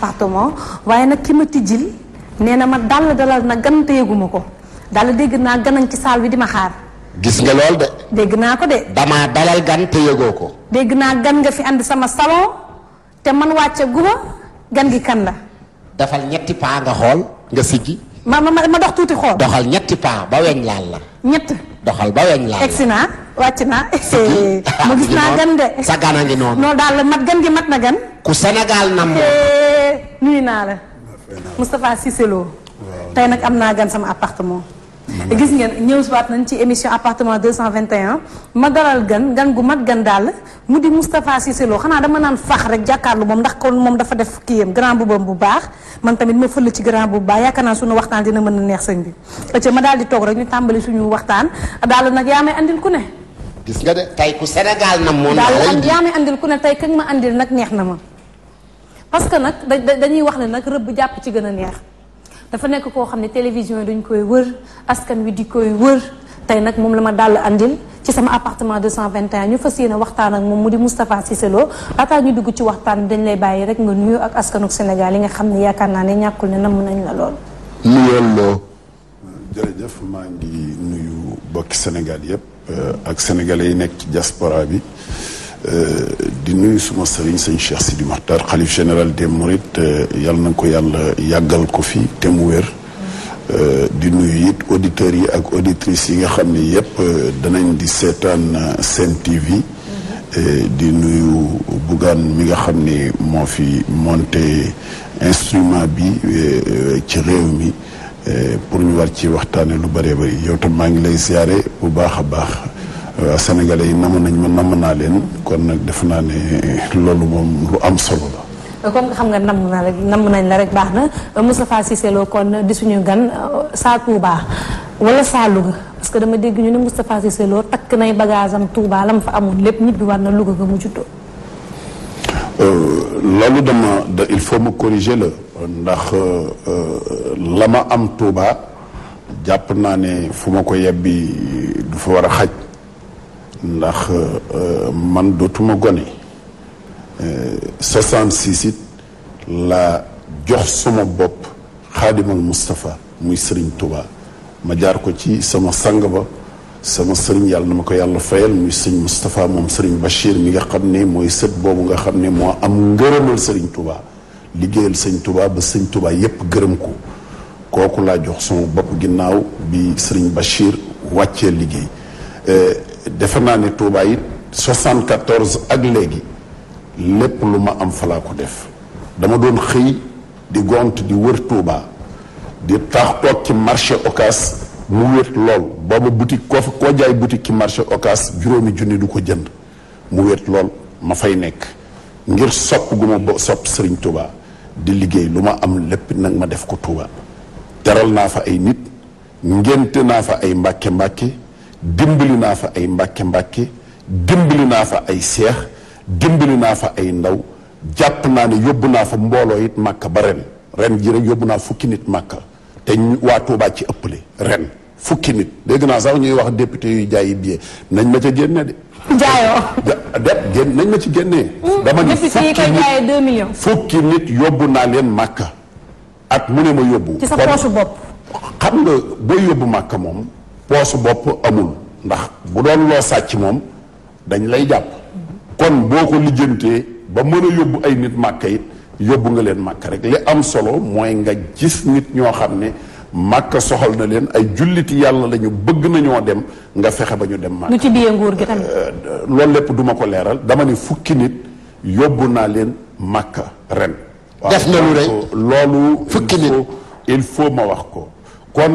appartement waye nak ki ma tijjil nee ma dal dalal na gan teeguma ko dal ci sal bi dima xaar gis nga lol de deg na ko de dama dalal gan teego ko deg na gan nga fi and sama salon te man wacce guma gan gi kan la dafal ñetti pa nga xol nga sigi ma ma ma dox tuti xol doxal ñetti pa ba weñ laal la ñett doxal ba weñ laal waccina eh, gis na gan de sa gan nga non non dal mat gan gi mat na gan ku senegal nam eh, nuyu naa la. mustafa Cissé Lo. nag am naa gan sama appartement. gis ngeen ñëw si waat nañ ci émission appartement 221 ma dalal gan gan gu mat gan daal mu di Moustapha Cissé Lo xanaa dama naan fax rek jàkkaarlu moom ndax kon moom dafa def kii yam grand boubam bu baax man tamit ma fël ci grand bu baax yaakaar naa suñu waxtaan dina mën a neex sëñ bi. ëcc ma daal di toog rek ñu tàmbali suñu waxtaan daal nag yaa may andil ku ne. gis tey ku Sénégal na moom. daal yaa may andil ku ne tey kañ ma andil nag neex na ma. parce que nag dañuy wax ne nag rëbb jàpp ci gën a neex dafa nekk koo xam ne télévision yi dañ koy wër askan wi di koy wër tey nag moom la ma dàll andil ci sama appartement 221 ñu fa yéene waxtaan ak moom mu di Moustapha Cissé Lo laataa ñu dugg ci waxtaan dañ lay bàyyi rek nga nuyu ak askanu Sénégal yi nga xam ne yaakaar naa ne ñàkkul ne namm nañ la lool. nuyoo loo. jërëjëf maa ngi nuyu bokki Sénégal yëpp euh, ak sénégalais yi nekk ci diaspora bi. Euh, di nuyu suma sëriñ sëñ Cheikh Sidi Mokhtar xalif général de Mourides euh, yal na ko yàlla yàggal ko fi te mu wér. Euh, di nuyu it auditeurs yi ak auditrices yi nga xam ni yëpp danañ di seetaan Sen TV. di nuyu Bougane mi nga xam ni moo fi monte instrument bi ci réew mi pour ñu war ci waxtaane lu bëree bëri yow tam maa ngi lay siyaare bu baax a baax. waaw euh, yi namm nañ ma namm naa leen kon nag def naa ne loolu moom lu am solo la. comme euh, xam nga namm naa rek namm nañ la rek baax na euh, Moustapha Cissé selo kon di suñu gan saa Touba wala saa Louga parce que dama dégg ñu ne Moustapha Cissé Lo takk nay bagage am Touba la mu fa amoon lépp ñibbi war na Louga nga mu juddoo. loolu dama il faut ma corriger la ndax la ma am Touba jàpp naa ne fu ma ko yebbi du fa war a xaj. ndax euh, man dootuma gone 66 euh, it laa jox sama bopp xaadimal Moustapha muy Serigne Touba ma jaar ko ci sama sang ba sama sëriñ yàlla na ma ko yàlla fayal muy sëriñ Moustapha moom sëriñ Bachir mi nga xam ne mooy sët boobu nga xam ne moo am ngërëmal sëriñ Touba liggéeyal sëñ Touba ba sëñ Touba yépp gërëm ko kooku laa jox sama bopp ginnaaw bi sëriñ Bachir wàccee liggéey euh, defe naa ne Touba it 74 ak léegi lépp lu ma am falaa ko def dama doon xëy di gont di wër Touba di tax toog ci marché ocas mu wéet lool booba boutique koo fa koo jaay boutique ci marché ocas juróomi junni du ko jënd mu wéet lool ma fay nekk ngir sopp gu ma ba sopp Serigne Touba di liggéey lu ma am lépp nag ma def ko Touba teral naa fa ay nit ngénte naa fa ay mbàkke mbàkke dimbali naa fa ay mbàkke mbàkke dimbali naa fa ay seex dimbali naa fa ay ndaw jàpp naa ne yóbbu naa fa mbooloo it màkka ba ren ren ji rek yóbbu naa fukki nit màkka te waa Tuubaa ci ëppale ren fukki nit dégg naa sax ñuy wax député yuy jaayi billet nañ ma ca génne de. jaayoo de génn nañ ma ci génnee. dama ni fukki nit yóbbu naa leen màkka ak mu ne ma yóbbu. ci sa poche bopp. xam nga booy yóbbu màkka moom. poosu bopp amul ndax bu doon loo sàcc moom dañ lay jàpp kon boo ko lijjantee ba mën a yóbbu ay nit màkka it yóbbu nga leen màkk rek li am solo mooy nga gis nit ñoo xam ne màkk soxal na leen ay julliti yàlla lañu bëgg nañoo dem nga fexe ba ñu dem màkk lu ci biir nguur gi tam. Euh, loolu lépp duma ko leeral dama ni fukki nit yóbbu naa leen màkk ren def na lu rek loolu fukki nit il faut ma wax ko kon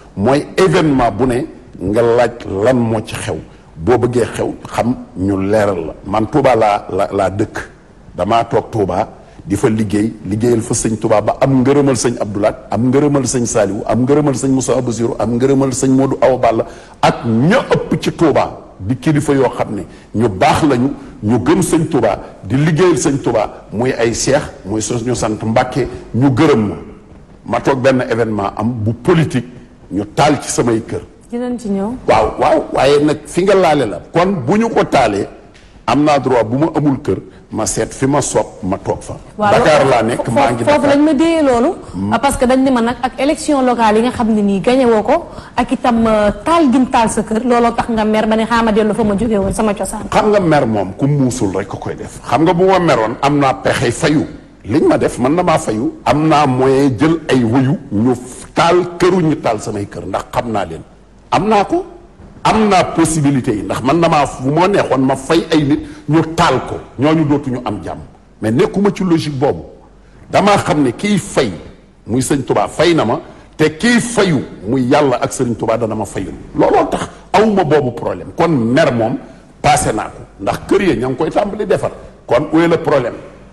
mooy événement bu ne nga laaj lan moo ci xew boo bëggee xew xam ñu leeral la man Touba laa la laa dëkk damaa toog Touba di fa liggéey liggéeyal fa sëñ Touba ba am ngërëmal sëñ Abdoulaat am ngërëmal sañ Saliou am ngërëmal sëñ Moussa Basirou am ngërëmal sëñ Modou Awa Balla ak ña ëpp ci Touba di kilifa yoo xam ne ñu baax lañu ñu gëm sëñ Touba di liggéeyal sañ Touba muy ay seex muy sos sant Mbàkke ñu gërëm ma ma toog benn événement am bu politique. ñu taal ci samay kër. dinañ ci ñëw. waaw waaw waaye nag fi nga laale la. kon bu ñu ko taalee am naa droit bu ma amul kër ma seet fi ma sopp ma toog fa. Dakar laa nekk maa ngi. foofu lañ ma déyee loolu. Mm. Ah, parce que dañ ne ma nag ak élection local yi nga xam ne nii gagné woo ko ak itam euh, taal gin taal sa kër looloo tax nga mer ba ne xaama dellu fa ma jógee woon sama cosaan. xam nga mer moom ku muusul rek ko koy def. xam nga bu ma meroon am naa pexe fayu liñ ma def mën na maa fayu. am naa moyen jël ay wuyu taal këru ñu taal samay kër ndax xam naa leen am naa ko am naa possibilité yi ndax man na bu moo neexoon ma fay ay nit ñu taal ko ñooñu dootuñu am jàmm mais nekkuma ci logique boobu dama xam ne kiy fay muy sëñ tubaa fay na ma te kiy fayu muy yàlla ak sëñ tubaa dana ma fayul looloo tax awma boobu problème kon mer moom passé naa ko ndax kër ya ña ngi koy tàmbali defar kon où est le problème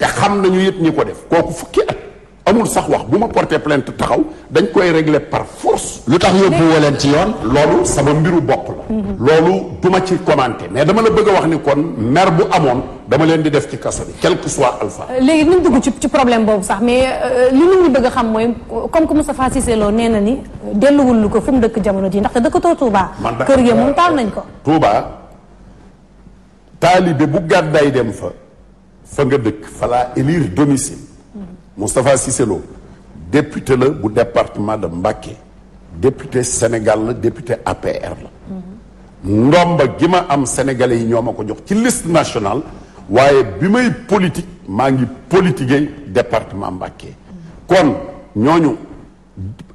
te xam nañu it ñi ko def kooku fukki at amul sax wax bu ma porté plainte taxaw dañ koy régler par force. lu tax yóbbu woo leen ci yoon. loolu sama mbiru bokk la. Mhm. loolu duma ci commenté mais dama la bëgg wax ni kon mer bu amoon dama leen di def ci kaso bi soit alpha. Euh, léegi nañ dugg ci ci problème boobu sax mais euh, li nit ñi bëgg a xam mooy comme que Moustapha Cissé Lo nee na ni euh, delluwul lu ko fu mu dëkk jamono ji ndaxte dëkkatoo Touba. man kër gi moom taal nañ ko. Touba taalibe bu gàddaay dem fa. fa nga dëkk fa élire domicile Mustapha Cissé député la bu département de Mbacké député Sénégal la député APR la ndomba gi ma am sénégalais yi ñoo ma ko jox ci liste nationale waaye bi may politique maa ngi politiquer département Mbacké kon ñooñu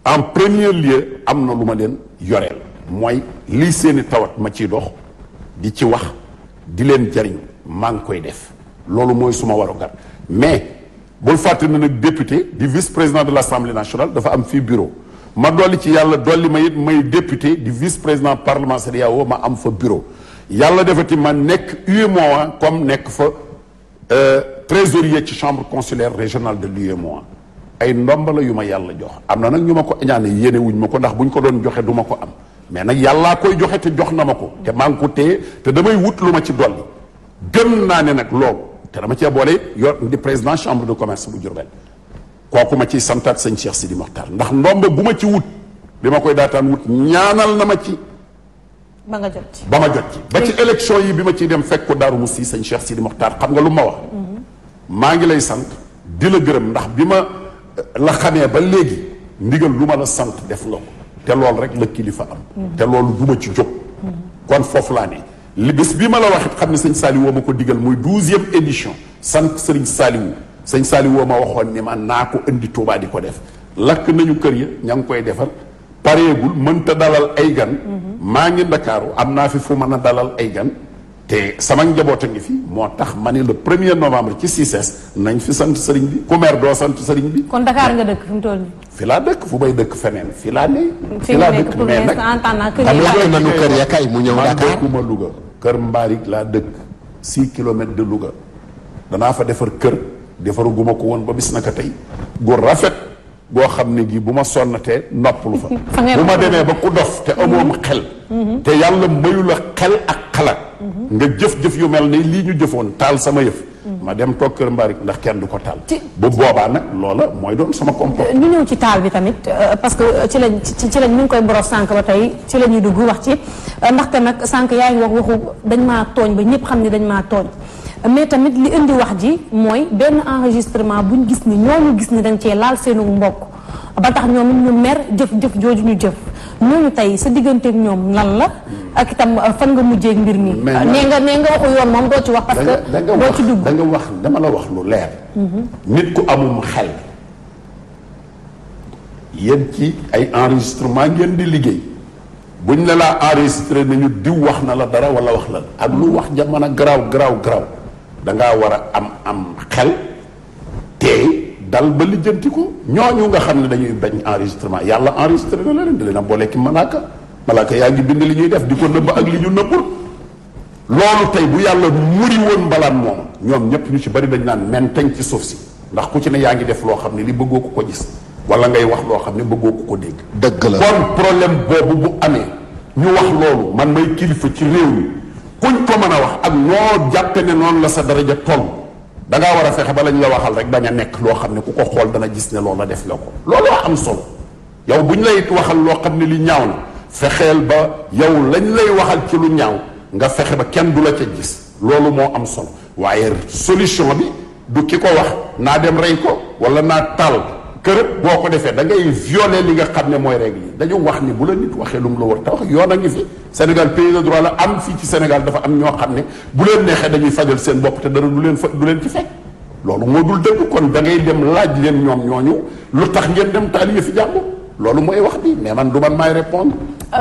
en premier lieu am na lu ma leen yoreel mooy lii seeni tawat ma ciy dox di ci wax di leen jariñ maa ngi koy def lolu moy suma gar mais bul fàttali na nag député di vice président de l'Assemblée nationale dafa am fi bureau ma doli ci yalla doli ma may député di vice président parlement CEDEAO ma am fa bureau Yalla defati ma nekk UEMOA comme nek fa euh, trésorier ci chambre consulaire régionale de l'UEMOA ay ndomba la yuma yalla jox amna nak ñuma ko ñaané yene wuñ mako ko ndax buñ ko doon joxe duma ko am mais nak yalla koy joxe te jox te maa ko téye te damay wut luma ma ci doli gëm naa ne nag te dama cee boole yor di président chambre de commerce bu Diourbel kooku ma ciy santaat sañ sëñ si Sidi Mokhtar ndax ndomb bu ma ci wut bi ma koy daataan wut ñaanal na ma ci. ba ba ma jot ci. ba ci élection yi bi ma ciy dem fekk ko Darou Moussi sëñ Cheikh Sidi Mokhtar xam nga lu ma wax. Mm-hmm. maa ngi lay sant di la gërëm ndax bi ma eh, la xamee ba léegi ndigal lu ma la sant def nga ko te loolu rek la kilifa am. Mm-hmm. te loolu du ma ci jóg. Mm-hmm. kon foofu laa ne. li bés bi ma la wax it xam ne sëñ Saliou ma ko digal muy douzième édition sant sëriñ Saliou sëñ Saliou ma waxoon ni ma naa ko indi Touba di ko def lakk nañu kër ya ña ngi koy defar pareegul mënta dalal ay gan mhm. maa ngi ndakaaru am naa fi fu mën a dalal ay gan te sama njaboot a ngi fi moo tax ma ne le premier novembre ci CICES nañ fi sant sëriñ bi ku meer doo sant sëriñ bi. kon Dakar nga dëkk fi mu toll fi laa dëkk fu bay dëkk feneen fi laa ne. fi laa dëkk mais nag xam nga nañu kër mu ñëw Dakar man dëkkuma Louga. kër mbaari laa dëkk 6 kilomètres de Louga danaa fa defar kër defaruguma ko woon ba bis na ko tey gu rafet goo xam ne gi bu ma sonnatee noppalu fa bu ma demee ba ku dof te amoom xel mhm. te yàlla mayu la xel ak xalaat nga jëf-jëf yu mel ne lii ñu jëfoon taal sama yëf ma dem toog kër mbarik ndax kenn du ko taal bu boobaa nag loola mooy doon sama comportement ñu ñëw ci taal bi tamit euh, parce que euh, ci lañ ci lañ ñu ngi koy boros sànq ba tey ci la ñuy dugg wax ci euh, ndaxte nag sànq yaa ngi wax waxu dañ maa tooñ ba ñëpp xam ne dañ maa tooñ mais tamit li indi wax ji mooy benn enregistrement buñ gis ni ñooñu gis ni dañ cee laal seenu mbokk ba tax ñoom ñu mer jëf jëf joju ñu jëf ñu tay sa ak ñoom lan la ak itam fan nga ak mbir mi né nga né nga waxu yoon mom do ci wax parce que do ci dugg da nga wax dama la wax lu leer mhm. nit ku amum xel yeen ci ay enregistrement ngeen di liggéey buñ la la enregistré nañu di wax na la dara wala wax la ak lu wax jamana graw graw graw da nga wara am am xel teey dal ba lijjanti ko ñooñu nga xam ne dañuy bañ enregistrement yàlla enregistré na leen da leen a boole ki malaaka malaaka yaa ngi bind li ñuy def di ko nëbb ak li ñu nëbbul loolu tey bu yàlla muri woon mbalaan moom ñoom ñëpp ñu ci bari dañ naan mentañ ci suuf si ndax ku ci ne yaa ngi def loo xam ne li bëggoo ko ko gis wala ngay wax loo xam ne bëggoo ko ko dégg. dëgg la kon problème bu amee ñu loolu man may kilifa ci réew mi kuñ ko mën a wax ak noo jàppe noonu la sa daraja toll. da ngaa war a fexe ba lañ la waxal rek bañ a nekk loo xam ne ku ko xool dana gis ne loola def la ko looloo am solo yow buñ ñu lay waxal loo xam ne li ñaaw na fexeel ba yow lañ lay waxal ci lu ñaaw nga fexe ba kenn du la ca gis loolu moo am solo waaye solution bi du ki ko wax naa dem rey ko wala naa tal kër boo ko defee da ngay violer li nga xam ne mooy règle yi dañu wax ni bu la nit waxee lu mu la war te wax yoon a ngi fi Sénégal pays de droit la am fii ci Sénégal dafa am ñoo xam ne bu leen neexee dañuy fajal seen bopp te dara du leen fa du leen ci fekk loolu moo dul dëgg kon da ngay dem laaj leen ñoom ñooñu lu tax ngeen dem taal fi jàmm loolu mooy wax bi mais man du man maay répondre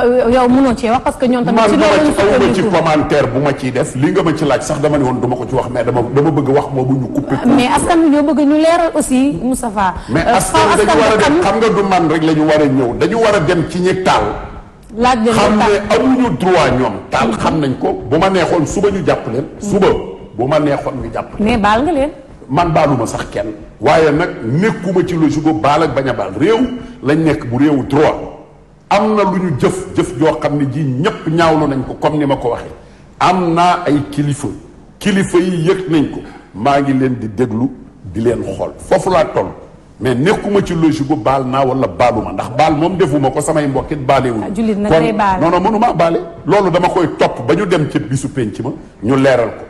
Euh, yow mënoo cee wax parce que ñoom tamit. ci loolu la ñu ci commentaire bu ma ciy def li nga ma ci laaj sax dama ne woon dama ko ci wax mais dama dama bëgg wax boobu ñu coupé. mais askan bi ñu leeral aussi mais euh, askan war a dem xam nga du man rek la ñu war a ñëw dañu war a dem ci ñi taal. laaj leen xam ne amuñu droit ñoom taal xam nañ ko bu ma neexoon suba ñu jàpp leen. suba bu ma neexoon ñu jàpp mais baal nga leen. man baaluma sax kenn. waaye nag nekkuma ci logique baal ak bañ a baal réew lañ nekk bu réewu droit am na lu ñu jëf jëf joo xam ne ji ñépp ñaawlu nañ ko comme ni ma ko waxee am naa ay kilifa kilifa yi yëg nañ ko maa ngi leen di déglu di leen xool foofu laa toll mais nekkuma ci logique bu baal naa wala baaluma ndax baal moom defuma ko samay mbokkit baalewuñ ah, kon non non mënumaa baale loolu dama koy topp ba ñu dem ci bisu pénc ma ñu leeral ko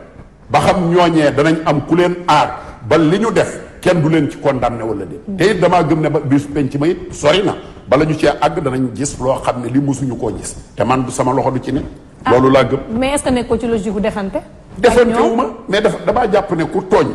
ba xam ñooñee danañ am ku leen aar ba li ñu def kenn du leen ci condamné wala dé mm. te it damaa gëm ne ba bisu penc ma sori na bala ñu cee àgg danañ gis loo xam ne li mosuñu koo gis te man du sama loxo du ci ne. Ah, loolu laa gëm. mais est-ce que nekkoo ci logique gu defante. defante wu ma mais dafa damaa jàpp ne ku tooñ.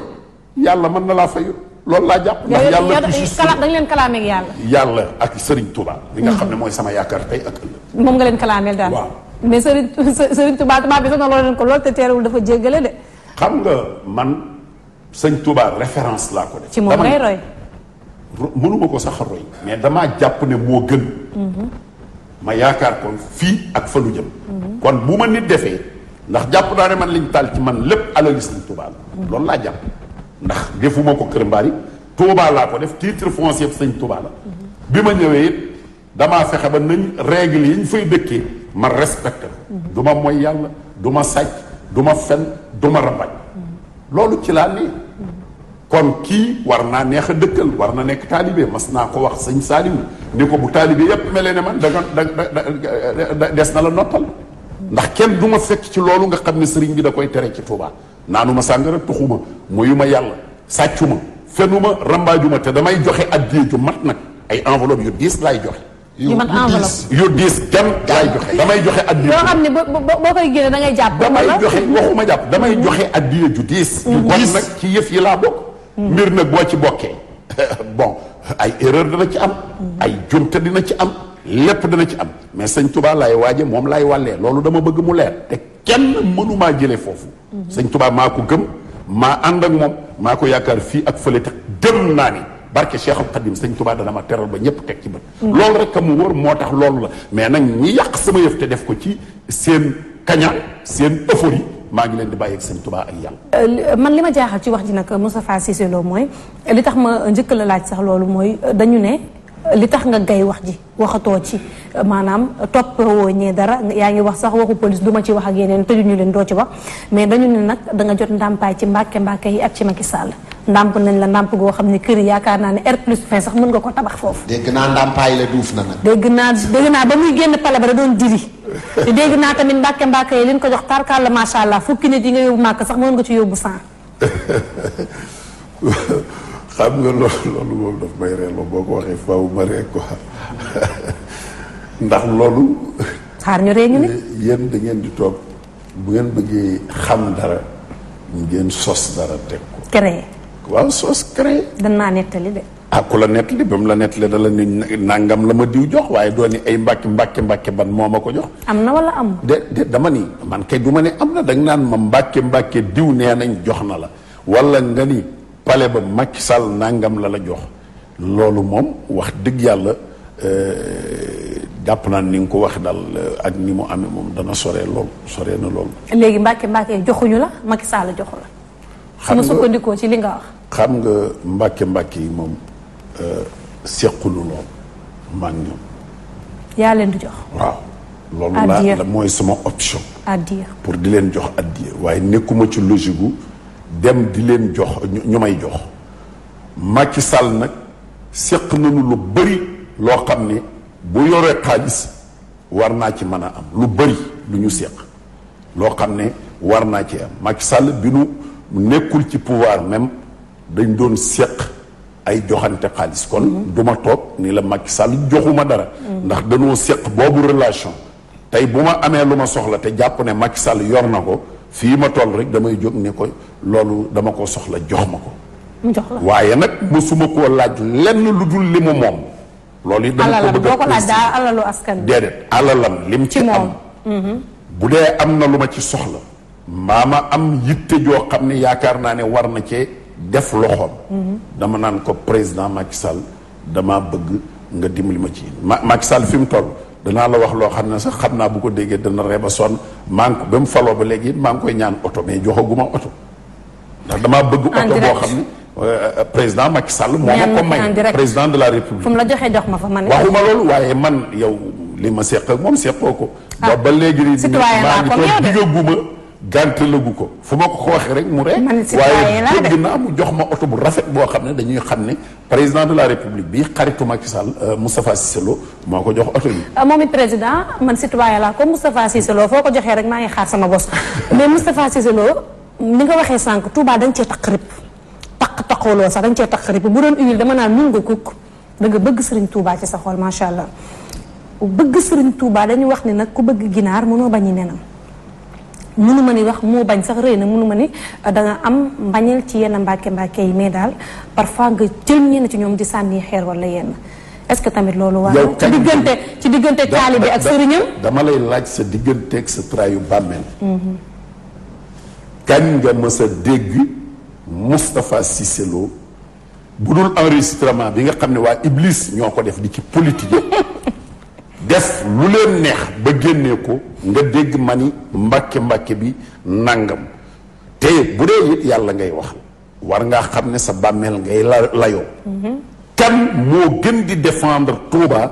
yàlla man na laa fayu loolu laa jàpp ndax yàlla kala dañ leen kalaamee ak yàlla yàlla ak Serigne Touba li nga mm-hmm. xam ne mooy sama yaakaar tey ak moom nga leen kalaameel daal waaw mais Serigne Serigne Touba tubaab bi sax na loolu leen ko lool te teerewul dafa jéggale de xam nga man sëñ Touba référence laa ko def ci moom ngay roy mënuma ko sax roy mais damaa jàpp ne moo gën mhm. ma yaakaar kon fii ak fa lu jëm mhm. kon bu ma nit defee ndax jàpp naa ne man liñ taal ci man lépp alali Sëriñ Tuubaa la mhm. loolu laa jàpp ndax defuma ko Kër Mbaari Tuubaa laa ko def titre foncier yëpp sañ Tuubaa la bi ma ñëwee it damaa fexe ba nañ règle yi fay dëkkee ma respecté ko du ma mooy yàlla du ma sàcc du ma fen du ma rabaj loolu ci laa nii kon kii war naa neex a dëkkal war na nekk taalibe mas naa ko wax sëñ Saaliw ni ko bu taalibe yépp melee ne man da des na la noppal ndax kenn du ma fekk ci loolu nga xam ne sëriñ bi da koy tere ci Tuubaa naanu ma sàngara tuxuma muyuma yàlla sàccuma fenuma rambaajuma te damay joxe addiyee ju mat nag ay enveloppe yu diis laay joxe yu man enveloppe yu diis gan laay joxe damay joxe addiyee yoo xam ne boo koy génne da ngay jàpp damay joxe waxuma jàpp damay joxe addiyee ju diis ju bon nag ci yëf yi laa bokk mbir nag boo ci bokkee bon ay erreur dana ci am ay jumte dina ci am lépp dana ci am mais sëñ Touba laay waaje moom laay wàllee loolu dama bëgg mu leer te kenn mënumaa jëlee foofu sëñ tubaab maa ko gëm maa ànd ak moom maa ko yaakaar fii ak fële tax gëm naa ni barke Cheikhul Khadim sëñ Touba dana ma teral ba ñëpp teg ci bët mm. loolu rek a mu wër moo tax loolu la mais nag ñi yàq sama yëf te def ko ci seen kaña seen euphorie maa ngi leen di bàyyi ak euh, euh, man li ma jaaxal ci wax ji nag Moustapha Cissé mooy euh, li tax ma njëkk la laaj sax loolu mooy dañu ne li tax nga gay wax ji waxatoo ci maanaam toppoo ñee dara yaa ngi wax sax waxu police du ma ci wax ak yeneen ñu leen doo ci wax mais dañu ne nag da nga jot ndàmpaay ci mbàkke mbàkke yi ak ci Macky sàll ndàmp nañ la ndàmp goo xam ne kër yaakaar naa ne R plus 20 sax mën nga ko tabax foofu. dégg naa ndàmpaay la duuf na nag. dégg naa ba muy dégg naa tamit mbàkke mbàkke yi li ko jox tarkalla macha allah fukki nit yi nga yóbbu màkk sax mën nga ci yóbbu sang. xam nga loolu loolu moom daf may reeloo boo ko waxee faaw ma ree quoi ndax loolu. xaar ñu ree ñu ni yéen da di toog bu ngeen bëggee xam dara ngeen sos dara teg ko. créé waaw sos créé. danaa nettali de. ah ku la nettali ba mu la nettalee da la ni nangam la ma diw jox waaye doo ni ay mbàkke mbàkke mbàkke ban moom ma ko jox. am na wala am. de dama ni man kay du ma ne am na da naan ma mbàkke mbàkke diw nee nañ jox na la wala nga ni pale ba Macky Sall nangam la la jox loolu moom wax dëgg yàlla. Euh, jàpp naa ni nga ko wax dal euh, ak ni mu amee moom dana soree lool soree na lool. léegi Mbacke Mbacke joxuñu la Macky Sall joxu la. xam nga su ma sukkandikoo xam nga Mbacke Mbacke yi moom seqaluloo man ñoom. yaa leen di jox. waaw. loolu laa mooy sama option. addiya pour di leen jox addiya waaye nekkuma ci logique gu dem di leen jox ñu may jox. Macky sàll nag seq nañu lu bëri loo xam ne bu yore xaalis war naa ci mën a am lu bari lu ñu seq loo xam ne war naa ci am Macky Sall bi nu nekkul ci pouvoir même dañ doon seq. ay joxante xaalis kon duma toog ni la mag Sall joxuma dara ndax dañoo séq boobu relation tey bu ma amee lu ma soxla te jàpp ne mag Sall yor na ko fii ma toll rek damay jóg ne ko loolu dama ko soxla jox ma ko waaye nag mësuma koo laaj lenn lu dul li mu moom loolu it dama ko bëgg a laaj daa alalu askan déedéet alalam lim ci am mm-hmm. bu dee am na lu ma ci soxla mbaa ma am yitte joo xam ne yaakaar naa ne war na cee def loxoom. dama naan ko président Macky Sall dama bëgg nga dimbali ma ci ma Macky Sall fi mu toll danaa la wax loo xam ne sax xam naa bu ko déggee dana reeba sonn maa ngi ko ba mu faloo ba léegi maa ngi koy ñaan oto mais joxaguma oto ndax damaa bëgg. boo xam ne. Euh, président Macky Sall. moo ma ko de la république. la joxee jox ma fa man. waxuma loolu man yow li ma seq ak moom seqoo ko. Ah. ba léegi. citoyen laa maa ngi toog ganté lagu ko fuma mako ko waxe rek mu rek waye dëgg mu jox ma auto bu rafet bo xamne dañuy xamne président de la république bi xaritou Macky Sall euh, Moustapha Cissé Lo moko jox auto bi euh, momi président man citoyen la ko Moustapha Cissé foko joxe rek ma ngi xaar sama boss mais Moustapha Cissé ni nga waxe sank Touba dañ ci takrib tak takolo sax dañ ci takrib bu doon uyul dama na nungu ko da nga bëgg Serigne Touba ci sa xol machallah bëgg Serigne Touba dañu wax ni nak ku bëgg ginar mëno bañi nenam munu mani wax mo bañ sax reyna munu mani da nga am mbañeel ci yenn mbake mbake yi mais dal parfois nga jël ñenn ci ñom di sanni xeer wala yenn est ce que tamit lolu waa ci digënté ci digënté taali ak sëriñum dama lay laaj sa digënté ak sa trayu mhm. kan nga dégg Sisselo budul enregistrement bi nga xamné wa Iblis ñoko def di ci politique def lu leen neex ba génnee ko nga dégg mani mbàkke mbàkke bi nangam te bu dee it yàlla ngay wax war ngaa xam ne sa bàmmeel ngay la layoo mhm. kan moo gën di défendre Touba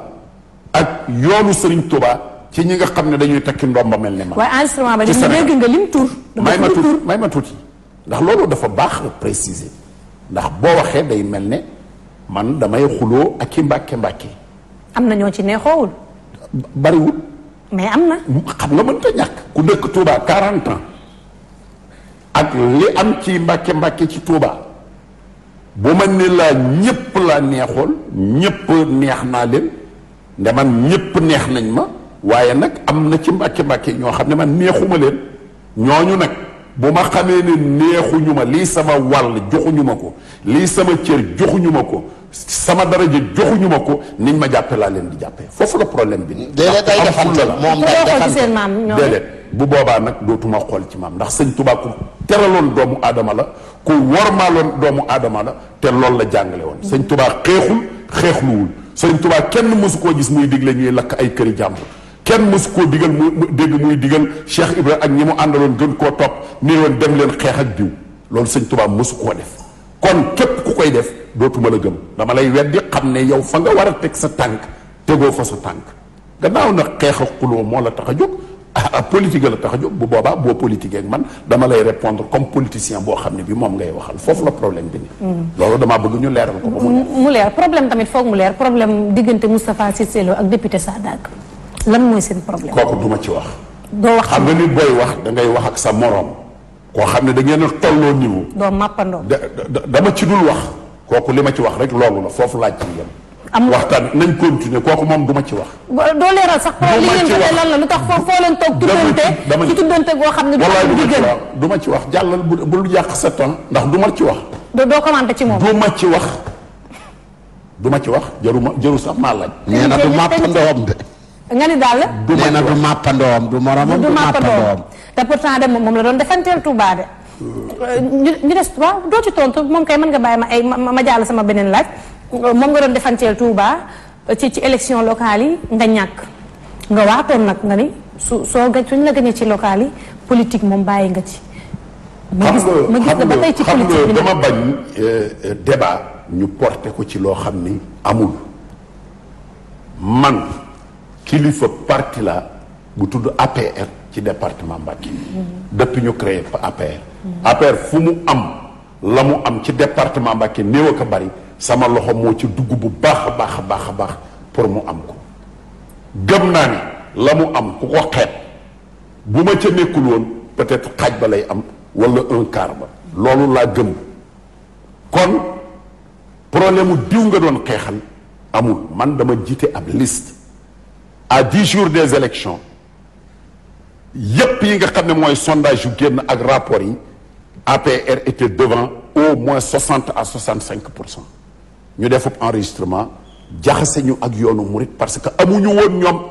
ak yoonu Serigne Touba ci ñi nga xam ne dañuy takki ndomba mel ne ma waaye instrument ba dañu dégg nga lim tur may ma tuuti may ma tuuti ndax loolu dafa baax préciser ndax boo waxee day mel ne man damay xuloo ak i mbàkke mbàkke am na ñoo ci neexoowul bariwul. mais am na. xam nga mënta ñàkk. ku dëkk Touba 40 ans ak li am ci mbàkke mbàkke ci Touba bu ma ne laa ñëpp laa neexool ñëpp neex naa leen nde man ñëpp neex nañ ma waaye nag am na ci mbàkke mbàkke ñoo xam ne man neexuma leen ñooñu nag. bu ma xamee ni neexuñu ma lii sama wàll joxuñu ma ko lii sama cër joxuñu ma ko sama daraja joxuñu ma ko niñ ma jàppe laa leen di jàppee foofu la problème bi. déedéet day defante moom day defante déedéet bu boobaa nag dootuma xool ci maam ndax sëñ Tuubaa ku teraloon doomu aadama la ku wormaaloon doomu aadama la te loolu la jàngale woon. sëñ Tuubaa xeexul xeexluwul sëñ Tuubaa kenn mësu koo gis muy digle ñuy lakk ay këri jàmbur. kenn mësu koo digal mu dégg muy digal Cheikh Ibrahima ak ñi mu àndaloon gën koo topp ni leen dem leen xeex ak diw loolu sëñ Tuubaa mësu koo def kon képp ku koy def dootuma la gëm dama lay weddi xam ne yow fa nga war a teg sa tànk tegoo fa sa tànk gannaaw nag xeex ak xuloo moo la tax a jóg ah, ah politique la tax a jóg bu boobaa boo politique ak man dama lay répondre comme politicien boo xam ne bi moom ngay waxal foofu la problème bi nii. Mm. loolu damaa bëgg ñu ko. ba mu leer problème tamit foog mu leer problème diggante Moustapha Cissé Lo ak député lan moy seen problème koku duma ci wax do wax xam nga ni boy wax da ngay wax ak sa morom ko xamne da ngeen tolo tolloo niveau do mapando dama ci dul wax koku lima ci wax rek lolu la fofu laaj ci yem am waxtan nañ continuer koku mom duma ci wax do leeral sax ko li ngeen tudde lan la lutax tax fo len tok toog ci tuddante go xamne ne du am diggal duma ci wax jallal bu lu yak sa ton ndax duma ci wax do do commenter ci mom duma ci wax duma ci wax jaruma jaru sax ma laaj neena du mapando pandawam de nga ni daal. du nee na du màppandoom du moromam du màppandoom te pourtant de moom la doon defanteel Touba de. ñu ñu des waaw doo ci tontu moom kay mën nga bàyyi ma ay ma jàll sama beneen laaj moom nga doon defanteel Touba ci ci élection locale yi nga ñàkk nga waatoon nag nga ni su soo gaj suñ la gënee ci locale yi politique moom bàyyi nga ci. ma gis ma gis ba tey ci politique bi dama bañ eh, eh, débat ñu porté ko ci loo xam ni amul man. kilifa parti la bu tuddu APR ci département Mbacké mhm. depuis ñu créé APR APR fu mu am lamu am ci département Mbacké néew ak bari sama loxo mo ci dugg bu baax a baax a baax baax pour mu am ko gëm na ni lamu am ku ko xeeb bu ma ca nekkul peut-être xaj ba lay am wala un quart ba lolu la gëm kon problème diw nga doon xeexal amul man dama jité ab liste à 10 jours des élections yépp yi nga ont sondage rapport APR était devant au moins 60 à 65 fait enregistrement ñu parce que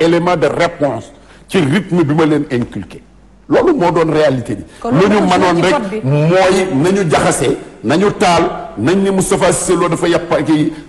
élément de réponse ci rythme inculqué C'est nous doon réalité bi rek fait nañu enregistrement, nañu taal nañ un enregistrement, fait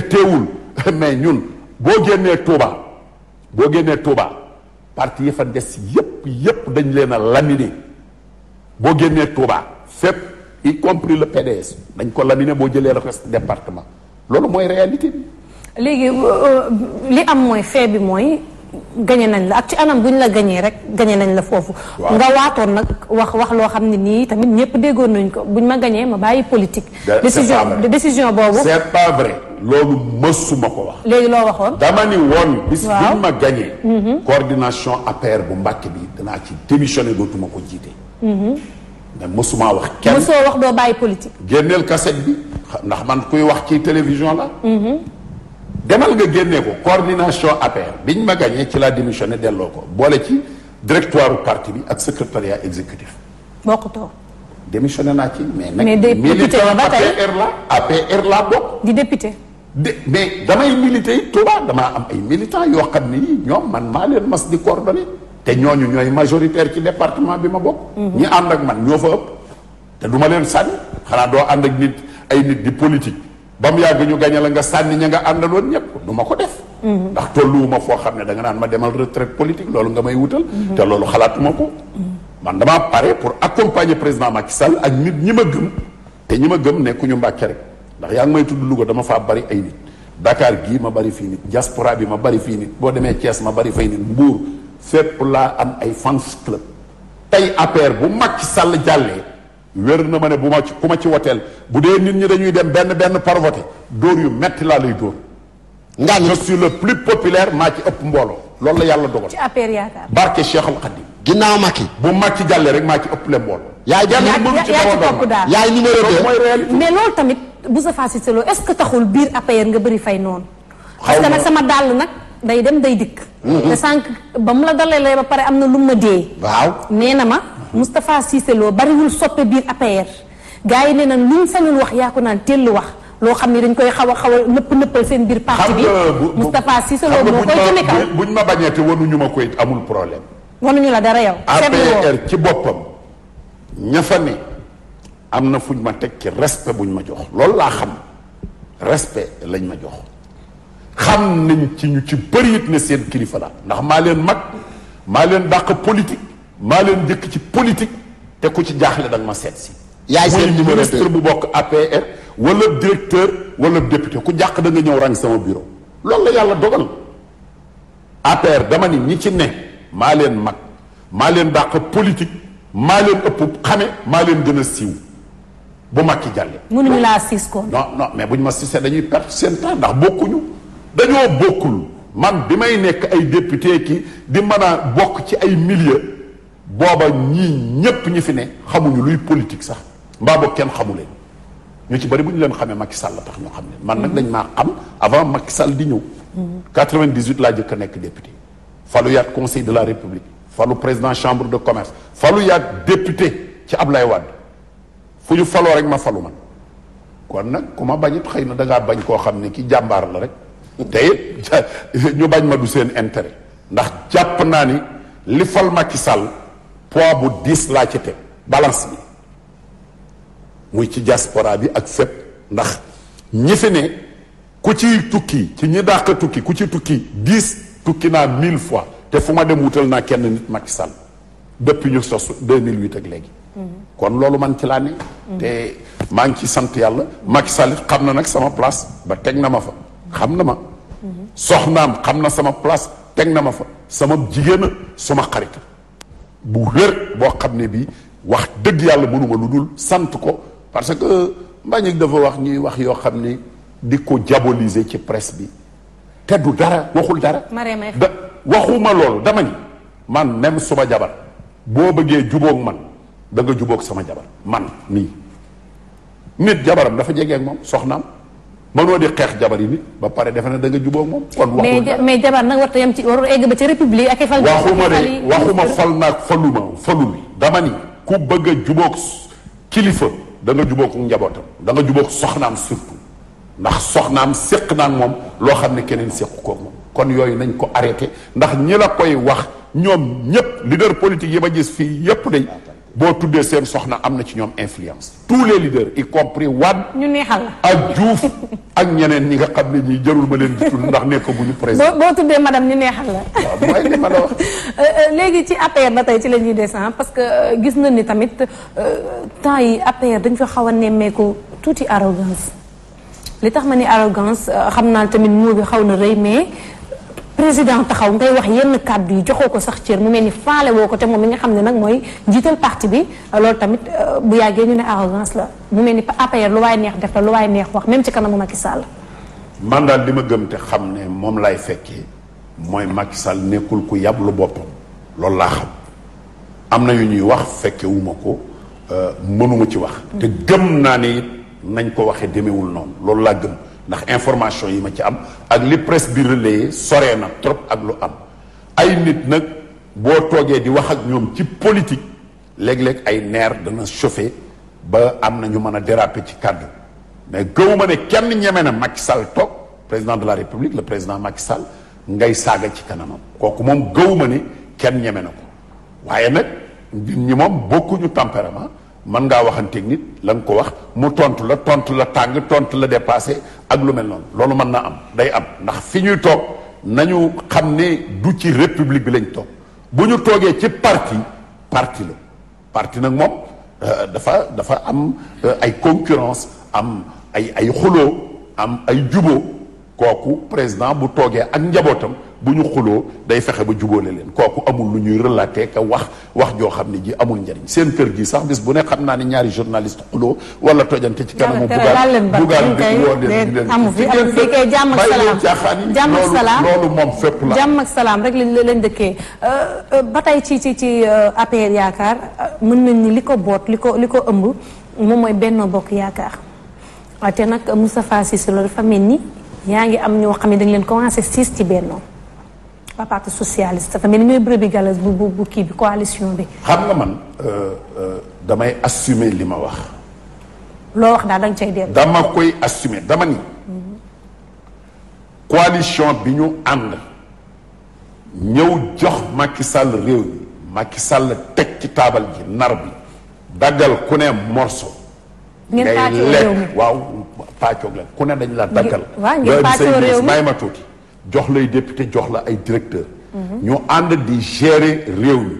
te mais ñun boo génnee Touba boo génnee Touba parti yi fa des yépp yépp dañ leen a laminé boo génnee Touba fépp y compris le PDS dañ ko laminé boo jëlee le reste département loolu mooy réalité bi. léegi euh, euh, li am mooy fait bi mooy. gagné nañ la ak ci anam buñ la gagné rek gagné nañ la foofu nga waatoon nag wax wax loo xam ne nii tamit ñëpp déggoon nañ ko buñ ma gagné ma bàyyi politique décision décision boobu c'est pas vrai loolu mësuma ko wax. léegi loo waxoon. dama ni woon. bis buñ ma gagné. Mm-hmm. coordination APR bu Mbàkke bi danaa ci démissionné dootuma ko jiite. Mm-hmm. mais mësuma wax kenn. mësoo wax doo bàyyi politique. génneel cassette bi ndax man kuy wax ci télévision la. Mm-hmm. demal nga génne ko coordination APR biñ ma gagné ci la démissionné delloo ko boole ci directoire parti bi ak secrétariat exécutif. bokkutoo. démissionné naa ci mais. mais député ba tey militant APR la APR la bokk. di député. de mais damay milité yi Touba damaa am ay militants yoo xam ne yii ñoom man maa leen mas di coordonné te ñooñu ñooy majoritaire ci département bi ma bokk. Mhm. ñi ànd ak man ñoo fa ëpp. te duma leen sànni xanaa doo ànd ak nit ay nit di politique ba mu yàgg ñu gañe la nga sànni ña nga àndaloon ñëpp du ma ko def. Mhm. ndax tolluwuma foo xam ne da nga naan ma demal retraite politique loolu nga may wutal. Mhm. te loolu xalaatuma ko. man damaa pare pour accompagner président Macky Sall ak nit ñi te ñi ma gëm nekkuñu Mbàkke rek. ndax yaa ngi may tudd Louga dama fa bari ay nit Dakar gii ma bari fii nit diaspora bi ma bari fii nit boo demee cees ma bari fay nit Mbour fépp laa am ay fans club tey APR bu Macky Sall jàllee wér na ma ne bu ma ci ku ma ci woteel bu dee nit ñi dañuy dem benn benn par vote dóor yu metti laa lay dóor. nga je suis le plus populaire maa ci ëpp mbooloo loolu la yàlla dogal. ci APR yaakaar barke Cheikhul Khadim. ginnaaw Macky. bu Macky jàllee rek maa ci ëpp le mbooloo. yaa ngi ci Moustapha Cissé Lo est ce que taxul biir APR nga bari fay noonu. parce que nag sama dàll nag day dem day dikk. Mhm. te sànq ba mu la dalalee ba pare am na lu ma dee. waaw nee na ma. Moustapha Cissé Lo bariwul soppe biir APR gars yi nee na luñ sañul wax yaa ko naan teel wax. loo xam ne dañ koy xaw a xaw a nëpp nëppal seen biir parti bi Moustapha Cissé Lo moo koy jëme kaw buñ ma bañeete wanuñu ma koy amul problème wanuñu la dara yow APR ci boppam ña am na fuñ ma teg ci respect buñ ma jox loolu laa xam respect lañ ma jox xam nañ ci ñu ci bëri it ne seen kilifa la ndax maa leen mag maa leen dàq politique maa leen jëkk ci politique te ku ci jaaxle da ma seet si. yaay seen numéro ministre bu bokk APR wala directeur wala député ku jàq da nga ñëw rang sama bureau loolu yàlla dogal APR dama ñi ci ne maa leen mag maa leen dàq politique maa leen ëpp xame maa leen gën a siiw. bu Macky jàllee. mënuñu laa siis ko. non non mais bu ñu ma sisee dañuy perte seen temps ndax bokkuñu dañoo bokkul man bi may nekk ay député ki di mën a bokk ci ay milieu booba ñii ñépp ñi fi ne xamuñu luy politique sax mbaa boog kenn xamu leen ñu ci bari bu ñu leen xamee Macky Sall tax ñu xam leen man nag dañ maa xam avant Macky Sall di ñëw. 98 laa jëkk a nekk député. fallu yaat conseil de la république Fallu président chambre de commerce fallu yaat député ci Ablaye Wade. fu ñu faloo rek ma falu man kon nag ku ma bañit xëy na dangaa bañ koo xam ne ki jàmbaar la rek te it ñu bañ ma du seen intérêt ndax jàpp naa ni li fal Macky sal poids bu diis laa ci teg balance bi muy ci jaspora bi ak fépp ndax ñi fi ne ku ci tukki ci ñi dàq tukki ku ci tukki dix tukki naa mille fois te fu ma dem wutal naa kenn nit Macky Sall depuis ñu sos 2008 ak léegi kon loolu man ci laa ne. te maa ngi ciy sant yàlla Macky Sall xam na nag sama place ba teg na ma fa xam na ma. soxnaam xam na sama place teg na ma fa sama jigéen sama xarit bu wér boo xam ne bii wax dëgg yàlla mënuma lu dul sant ko parce que Mbagnick dafa wax ñuy wax yoo xam ni di ko diaboliser ci presse bi te du dara waxul dara. da waxuma loolu damañ man même suma jabar boo bëggee jubook man. da nga jubok sama jabar man mi nit jabaram dafa jégué ak moom soxnaam mënoo di xex jabar yi nit ba paré defe na da nga jubok mom kon waxu mais jabar nak warta yam ci waru egg ba ci république ak fal waxuma de waxuma fal nak faluma falumi dama ni ku bëgg jubok kilifa da nga ak njabotam da nga jubok soxnam surtout ndax soxnam séq naag moom loo xam ne keneen séqu koog moom kon yoy nañ ko arrêté ndax ñi koy wax ñom ñep leader politique yi ba gis fi yep dañ boo tuddee seen soxna am na ci ñoom influence tous les leaders y compris Wade ñu neexal la ak Diouf ñeneen ñi nga xam ne ñi jarul ma leen di tudd ndax nekkaguñu président boo tuddee madame ñu neexal la euh, euh, léegi ci APR na tey ci la ñuy descend parce que euh, gis nañ ni tamit temps yi APR dañ fa xaw a nemmeeku tuuti arrogance li tax ma ni arrogance xam naa tamit moo xaw na rëy mais président taxaw ngay wax yenn kàddu yi joxoo ko sax cër mu mel ni faale woo ko te moom mi nga xam ne nag mooy njiital parti bi loolu tamit euh, bu yàggee ñu ne arrogance la mu mel ni APR lu waay neex def la lu waay neex wax même ci kanamu Macky Sall. man daal li ma gëm te xam ne moom lay fekkee mooy Macky Sall nekkul ku yablu lu boppam loolu laa xam am na yu ñuy wax fekke wu ma ko euh, mënuma ci wax. te gëm naa ne nañ ko waxee demewul noonu loolu laa gëm ndax information yi ma ci am ak li presse bi relayé soree trop ak lu am ay nit politique ay dana ba am déraper mais ne kenn Macky Sall président de la République le président Macky Sall ngay saaga ci kanamam kooku moom ne kenn ñeme na ko waaye nag tempérament mën ngaa waxanteeg nit la nga ko wax mu tontu la tontu la tàng tontu la dépassé ak lu mel noonu loolu mën naa am day am ndax fi ñuy toog nañu xam ne du ci république bi lañ toog bu ñu toogee ci parti parti la parti nag moom euh, dafa dafa am euh, ay concurrence am ay ay xuloo am ay juboo kooku président bu toogee ak njabootam bu ñu xuloo day fexe ba jubóole leen kooku amul lu ñuy relater ka wax wax joo xam ne ji amul njariñ seen kër gi sax bis bu ne xam naa ne ñaari journaliste xuloo wala tojante ci kanamu bugaan bugaan di woo leen di leen bàyyi leen caaxaan yi loolu moom fépp la jàmm ak salaam rek lañ leen dëkkee euh, euh, ba tey ci ci ci euh, APR yaakaar mën nañ ni li ko boot li ko li ko ëmb moom mooy Benno Bokk Yaakaar te nag Moustapha Cissé Lo dafa mel nii yaa ngi am ñoo xam ne dañ leen commencé siis ci Benno waa parti socialiste dafa mel ni ñooy brebis galeuse bu bu kii bi coalition bi. xam nga man euh, euh, damay assumer li ma wax. loo wax daal da cay delloo. dama koy assumer dama ni. coalition bi ñu ànd. ñëw jox Macky Sall réew mi Macky Sall teg ci taabal ji nar bi daggal ku ne morceau. ngeen pàccoo réew mi ngay lekk waaw pàccoo ku ne dañu la daggal. waaw ngeen pàccoo réew may ma tuuti. jox lay député jox la ay directeur ñu ànd di gérer réew mi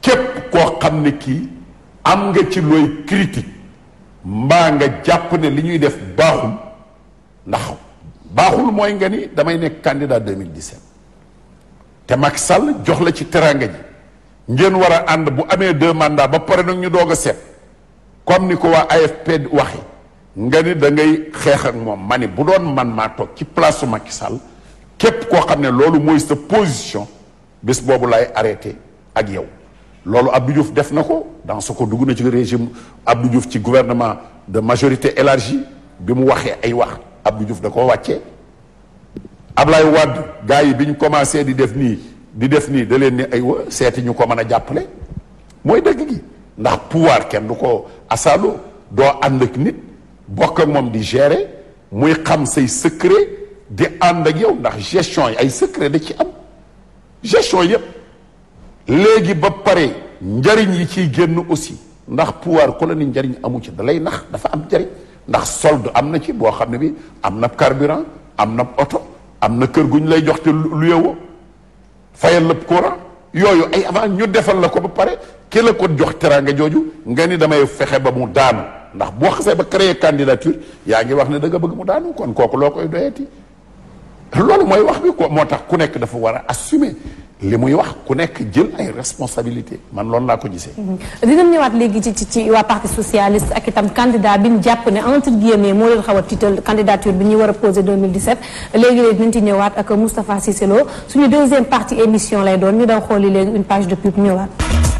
képp koo xam ni kii am nga ci looy critique mbaa nga jàpp ne li ñuy def baaxul ndax baaxul mooy nga ni damay nekk candidat 2017 te Macky sal jox la ci teranga ji ngeen war a ànd bu amee deux mandats ba pare nag ñu doog a set comme ni ko waa AFP waxi nga ni da ngay xeex moom ma ni bu doon man maa toog ci place su Macky képp koo xam ne loolu mooy sa position bés boobu lay arrêté ak yow loolu Abdou Diouf def na dans ce que dugg ci régime Abdou ci gouvernement de majorité élargie bi mu waxee ay wax Abdou Diouf da koo wàccee Ablaye Wad gars yi commencé di def nii di def nii da leen ni ay ñu ko a jàppale dëgg gi ndax pouvoir kenn du ko asalo doo ànd ak nit bokk ak moom di gérer muy xam say secret di ànd ak yow ndax gestion yi ay secret da ci am gestion yépp léegi ba pare njariñ yi ciy génn aussi ndax pouvoir ko la ni njariñ amu ci da lay nax dafa am njariñ ndax solde am na ci boo xam ne bi am na carburant am na oto am na kër guñ lay jox te lu yowoo fayal la courant yooyu ay avant ñu defal la ko ba pare ki jox teraanga jooju nga ni damay fexe ba mu daanu ndax boo xasee ba créer candidature yaa ngi wax ne da nga bëgg mu daanu kon kooku loo koy doyati loolu mooy wax bi ko moo tax ku nekk dafa war a assumer li muy wax ku nekk jël ay responsabilité man loolu laa ko gisee. Mhm. dinañ ñëwaat léegi ci ci ci waa parti socialiste ak itam candidat bi ñu jàpp ne entre guillemets moo leen xaw a tiital candidature bi ñuy war a posé 2017 léegi léegi dinañ ci ñëwaat ak Moustapha Cissé suñu deuxième partie émission lay doon ñu daw xooli léegi une page de pub ñëwaat.